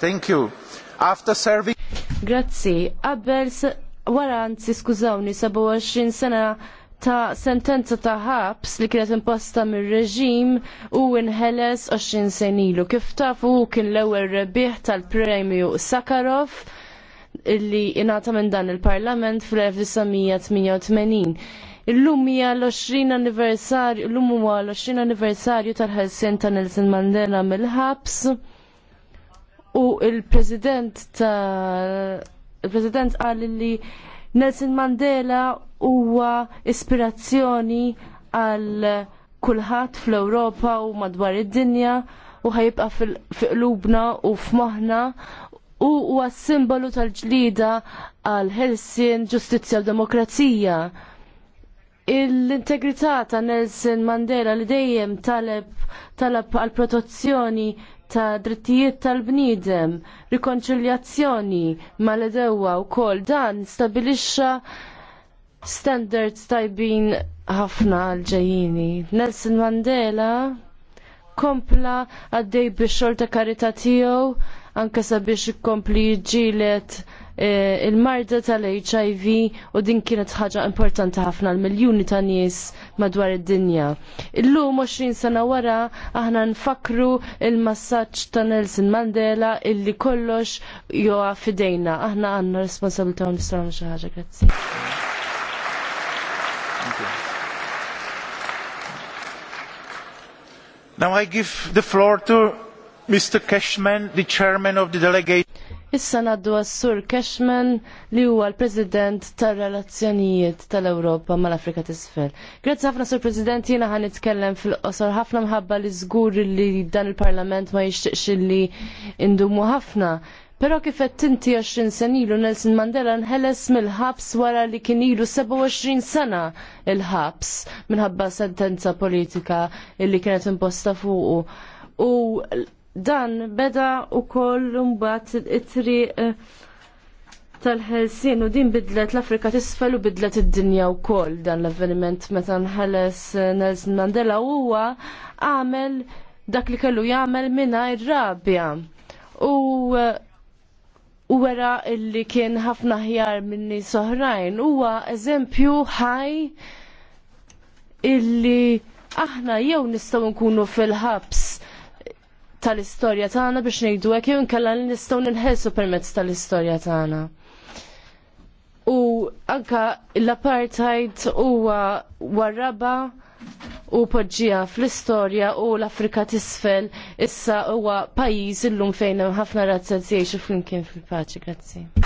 Thank you. After serving. Grazzi. Qabel wara anzi skużawni 27 sena ta' sentenza ta' ħabs li kienet imposta mir reġim u inħeles 20 sen ilu. Kif tafu kien l-ewwel rebbieħ tal-premju Sakarov illi ingħata minn dan il-Parlament fl-1988. Illum hija l-20 anniversarju, illum huwa l-20 anniversarju tal-ħelsien ta' Nelson Mandela mill-ħabs u il-President ta' il-President qal li Nelson Mandela huwa ispirazzjoni għal kulħadd fl-Ewropa u madwar id-dinja u ħajibqa' fil-qlubna u f'moħħna u huwa simbolu tal-ġlida għal ħelsien ġustizzja u demokrazija. Il-integrità ta' Nelson Mandela li dejjem taleb talab għal protezzjoni ta' drittijiet tal-bniedem, rikonċiljazzjoni mal-edewa u kol dan stabilixxa standards tajbin ħafna għal-ġejjini. Nelson Mandela kompla għaddej biex xorta karita tiegħu anke sabiex ikkompli ġilet e, il-marda tal-HIV u din kienet ħaġa importanti ħafna l-miljuni ta' nies madwar id-dinja. Illum 20 sena wara aħna nfakru il-massaġġ ta' Nelson Mandela illi kollox joa fidejna. Aħna għandna responsabilità u nistgħu xi ħaġa. Grazzi. Now I give the floor to Mr. Cashman, the chairman of the delegation. Issa naddu għas-Sur Cashman li huwa l-President tar-Relazzjonijiet tal-Ewropa mal-Afrika t'isfel. Grazzi ħafna Sur President jiena ħan nitkellem fil-qosor ħafna mħabba li żgur li dan il-Parlament ma jixtieqx li indumu ħafna. Pero kif qed tinti 20 sen ilu Nelson Mandela nħeles mill-ħabs wara li kien ilu 27 sena il-ħabs minħabba sentenza politika illi kienet imposta fuqu. U dan beda u koll umbat it-triq eh, tal-ħelsin u din bidlet l-Afrika tisfel u bidlet id-dinja u koll dan l-avveniment meta nħeles eh, Nelson Mandela u huwa għamel dak li kellu jagħmel mingħajr rabja. U eh, u wera illi kien ħafna ħjar minni soħrajn huwa eżempju ħaj illi aħna jew nistgħu nkunu fil-ħabs tal-istorja tagħna biex ngħidu hekk jew inkella nistgħu nħelsu permezz tal-istorja tagħna. U anka l-apartheid huwa warraba u poġġija fl-istorja u l-Afrika tisfel issa huwa pajjiż illum fejn hemm ħafna razzazzjiex u flimkien fil-paċi. Grazzi.